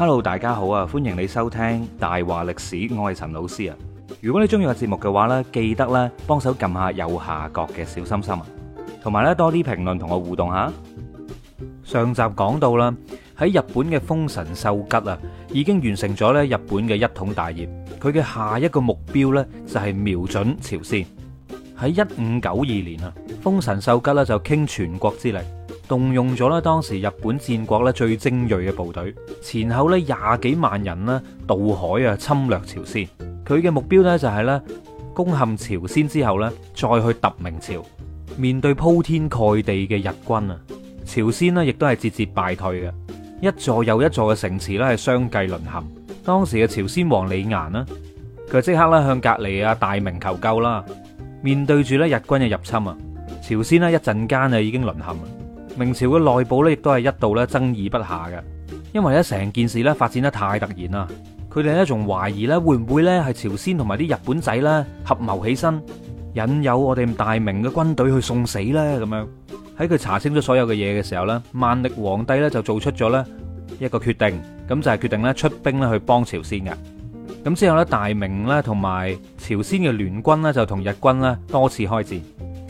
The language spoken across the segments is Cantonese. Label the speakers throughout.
Speaker 1: Hello，大家好啊！歡迎你收聽大話歷史，我係陳老師啊。如果你中意個節目嘅話咧，記得咧幫手撳下右下角嘅小心心啊，同埋咧多啲評論同我互動吓。上集講到啦，喺日本嘅豐臣秀吉啊，已經完成咗咧日本嘅一統大業，佢嘅下一個目標咧就係瞄準朝鮮。喺一五九二年啊，豐臣秀吉咧就傾全國之力。動用咗咧當時日本戰國咧最精銳嘅部隊，前後咧廿幾萬人咧渡海啊侵略朝鮮。佢嘅目標咧就係咧攻陷朝鮮之後咧再去揼明朝。面對鋪天蓋地嘅日軍啊，朝鮮咧亦都係節節敗退嘅，一座又一座嘅城池咧係相繼淪陷。當時嘅朝鮮王李岩咧，佢即刻咧向隔籬啊大明求救啦。面對住咧日軍嘅入侵啊，朝鮮咧一陣間啊已經淪陷。明朝嘅內部咧，亦都係一度咧爭議不下嘅，因為咧成件事咧發展得太突然啦。佢哋咧仲懷疑咧會唔會咧係朝鮮同埋啲日本仔咧合謀起身，引誘我哋大明嘅軍隊去送死咧咁樣。喺佢查清咗所有嘅嘢嘅時候咧，萬曆皇帝咧就做出咗咧一個決定，咁就係決定咧出兵咧去幫朝鮮嘅。咁之後咧，大明咧同埋朝鮮嘅聯軍呢就同日軍呢多次開戰，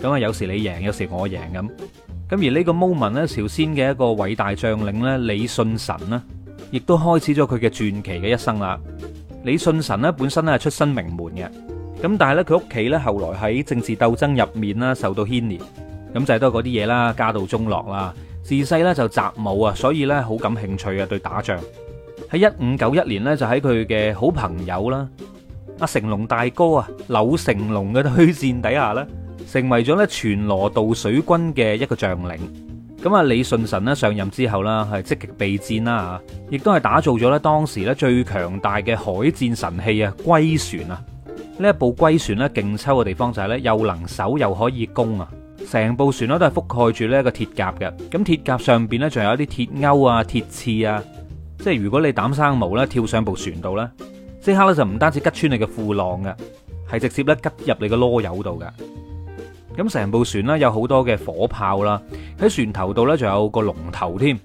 Speaker 1: 咁啊有時你贏，有時我贏咁。咁而呢個 moment 呢朝鮮嘅一個偉大將領呢，李舜臣呢亦都開始咗佢嘅傳奇嘅一生啦。李舜臣呢本身咧係出身名門嘅，咁但係咧佢屋企呢後來喺政治鬥爭入面咧受到牽連，咁就係都嗰啲嘢啦，家道中落啦。自細呢就習武啊，所以呢好感興趣啊，對打仗。喺一五九一年呢，就喺佢嘅好朋友啦，阿成龍大哥啊，柳成龍嘅推薦底下呢。成為咗咧全羅道水軍嘅一個將領，咁啊李舜臣咧上任之後呢係積極備戰啦，亦都係打造咗咧當時咧最強大嘅海戰神器啊龜船啊。呢一部龜船咧勁抽嘅地方就係咧，呢又能守又可以攻啊。成部船咧都係覆蓋住呢個鐵甲嘅，咁鐵甲上邊咧仲有一啲鐵鈎啊、鐵刺啊,即係如果你膽生毛呢跳上部船度呢，即刻咧就唔單止吉穿你嘅褲浪噶，係直接咧吉入你個囉柚度噶。咁成部船啦，有好多嘅火炮啦，喺船頭度呢，仲有個龍頭添。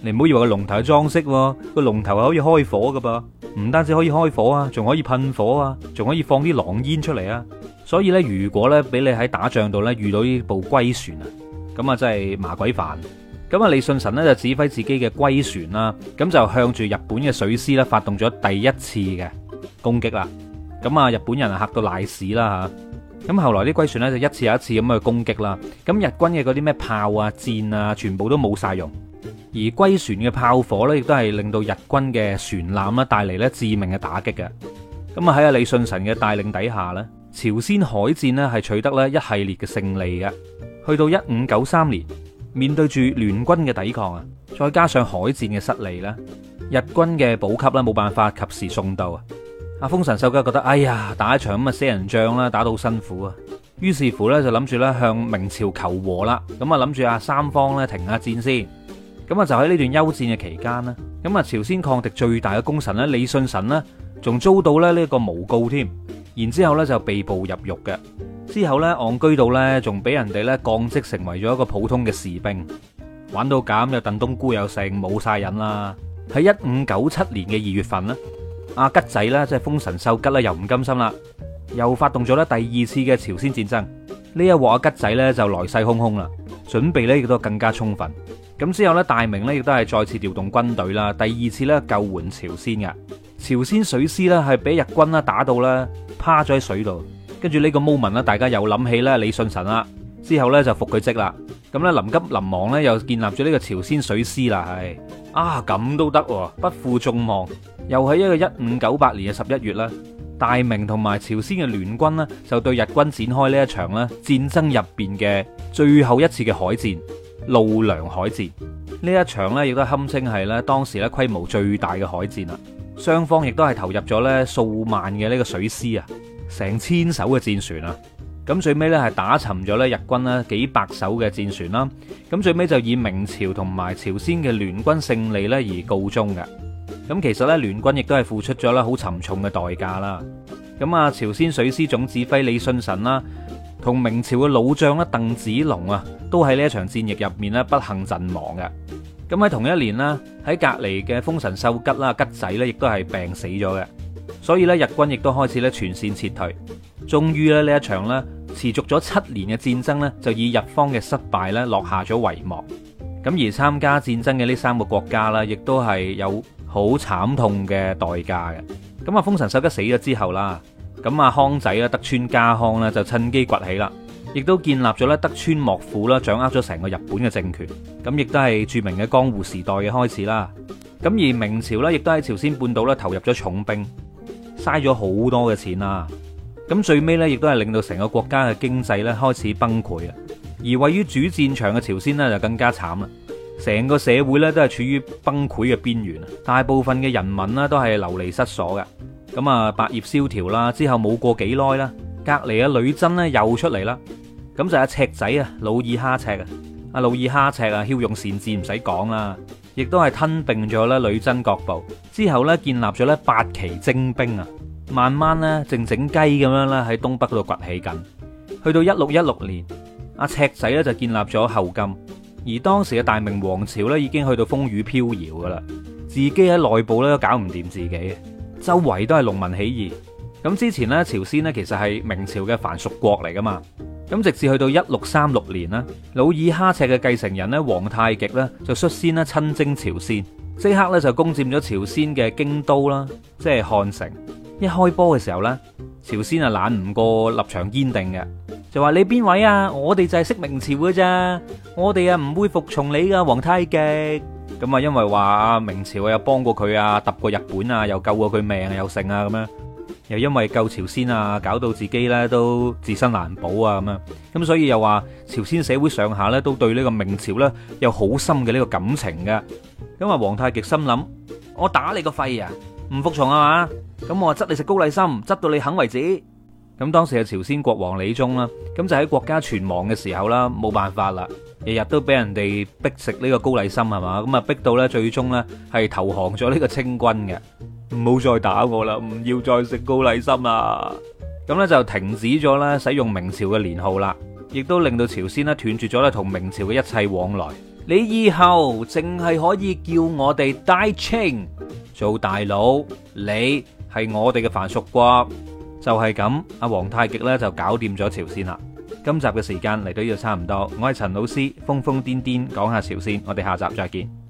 Speaker 1: 你唔好以為個龍頭係裝飾，個龍頭係可以開火噶噃，唔單止可以開火啊，仲可以噴火啊，仲可以放啲狼煙出嚟啊。所以呢，如果呢，俾你喺打仗度呢，遇到呢部龜船啊，咁啊真係麻鬼煩。咁啊，李舜臣呢就指揮自己嘅龜船啦，咁就向住日本嘅水師咧發動咗第一次嘅攻擊啦。咁啊，日本人啊嚇到瀨屎啦吓。咁後來啲龜船呢，就一次又一次咁去攻擊啦，咁日軍嘅嗰啲咩炮啊、箭啊，全部都冇晒用，而龜船嘅炮火呢，亦都係令到日軍嘅船艦呢帶嚟呢致命嘅打擊嘅。咁啊喺啊李舜臣嘅帶領底下呢，朝鮮海戰呢係取得呢一系列嘅勝利嘅。去到一五九三年，面對住聯軍嘅抵抗啊，再加上海戰嘅失利呢，日軍嘅補給呢冇辦法及時送到。阿豐臣秀吉覺得，哎呀，打一場咁啊死人仗啦，打到辛苦啊，於是乎呢，就諗住咧向明朝求和啦，咁啊諗住阿三方咧停下戰先，咁啊就喺呢段休戰嘅期間呢，咁啊朝鮮抗敵最大嘅功臣咧李舜臣呢，仲遭到咧呢個誣告添，然之後咧就被捕入獄嘅，之後呢，戇居到呢，仲俾人哋呢降職成為咗一個普通嘅士兵，玩到咁又燉冬菇又剩，冇晒癮啦，喺一五九七年嘅二月份啦。阿吉仔啦，即係豐臣秀吉啦，又唔甘心啦，又發動咗咧第二次嘅朝鮮戰爭。呢一鑊阿吉仔咧就來勢洶洶啦，準備咧亦都更加充分。咁之後咧，大明咧亦都係再次調動軍隊啦，第二次咧救援朝鮮嘅。朝鮮水師咧係俾日軍啦打到咧趴咗喺水度，跟住呢個 moment 啦，大家又諗起咧李舜臣啦，之後咧就復佢職啦。咁咧臨急臨忙咧又建立咗呢個朝鮮水師啦，係。啊咁都得，不負眾望，又喺一個一五九八年嘅十一月啦，大明同埋朝鮮嘅聯軍呢，就對日軍展開呢一場呢戰爭入邊嘅最後一次嘅海戰——露梁海戰。呢一場呢，亦都堪稱係咧當時咧規模最大嘅海戰啊，雙方亦都係投入咗呢數萬嘅呢個水師啊，成千艘嘅戰船啊。咁最尾呢，係打沉咗呢日軍咧幾百艘嘅戰船啦，咁最尾就以明朝同埋朝鮮嘅聯軍勝利呢而告終嘅。咁其實呢，聯軍亦都係付出咗咧好沉重嘅代價啦。咁啊朝鮮水師總指揮李舜臣啦，同明朝嘅老將咧鄧子龍啊，都喺呢一場戰役入面咧不幸陣亡嘅。咁喺同一年啦，喺隔籬嘅豐臣秀吉啦吉仔呢亦都係病死咗嘅。所以咧，日軍亦都開始咧全線撤退。終於咧，呢一場咧持續咗七年嘅戰爭咧，就以日方嘅失敗咧落下咗帷幕。咁而參加戰爭嘅呢三個國家啦，亦都係有好慘痛嘅代價嘅。咁啊，豐臣秀吉死咗之後啦，咁啊康仔啦德川家康咧就趁機崛起啦，亦都建立咗咧德川幕府啦，掌握咗成個日本嘅政權。咁亦都係著名嘅江戶時代嘅開始啦。咁而明朝咧，亦都喺朝鮮半島咧投入咗重兵。嘥咗好多嘅錢啦，咁最尾呢，亦都係令到成個國家嘅經濟咧開始崩潰啊！而位於主戰場嘅朝鮮呢，就更加慘啦，成個社會咧都係處於崩潰嘅邊緣啊！大部分嘅人民呢，都係流離失所嘅，咁啊，百業蕭條啦，之後冇過幾耐啦，隔離嘅女真呢，又出嚟啦，咁就阿、是、赤仔啊，努爾哈赤啊，阿努爾哈赤啊，驍勇善戰唔使講啦。亦都係吞併咗咧女真國部，之後咧建立咗咧八旗精兵啊，慢慢咧靜靜雞咁樣咧喺東北度崛起緊。去到一六一六年，阿赤仔咧就建立咗後金，而當時嘅大明王朝咧已經去到風雨飄搖噶啦，自己喺內部咧都搞唔掂自己，周圍都係農民起義。咁之前咧朝鮮咧其實係明朝嘅藩屬國嚟噶嘛。咁直至去到一六三六年啦，努爾哈赤嘅繼承人咧，皇太極呢，就率先咧親征朝鮮，即刻咧就攻佔咗朝鮮嘅京都啦，即係漢城。一開波嘅時候呢，朝鮮啊懶唔過立場堅定嘅，就話你邊位啊？我哋就係識明朝嘅啫，我哋啊唔會服從你噶，啊，皇太極。咁啊，因為話明朝又幫過佢啊，揼過日本啊，又救過佢命又剩啊咁樣。等等又因為救朝鮮啊，搞到自己咧都自身難保啊咁樣，咁所以又話朝鮮社會上下咧都對呢個明朝咧有好深嘅呢個感情嘅。咁啊，皇太極心諗，我打你個肺啊，唔服從啊嘛，咁我話執你食高麗參，執到你肯為止。咁當時嘅朝鮮國王李宗啦，咁就喺國家存亡嘅時候啦，冇辦法啦，日日都俾人哋逼食呢個高麗參係嘛，咁啊逼到咧最終咧係投降咗呢個清軍嘅。唔好再打我啦，唔要再食高麗參啦。咁呢就停止咗咧使用明朝嘅年號啦，亦都令到朝鮮咧斷絕咗咧同明朝嘅一切往來。你以後淨係可以叫我哋大清做大佬，你係我哋嘅藩屬啩。就係咁，阿皇太極呢就搞掂咗朝鮮啦。今集嘅時間嚟到呢度差唔多，我係陳老師，瘋瘋癲癲講下朝鮮，我哋下集再見。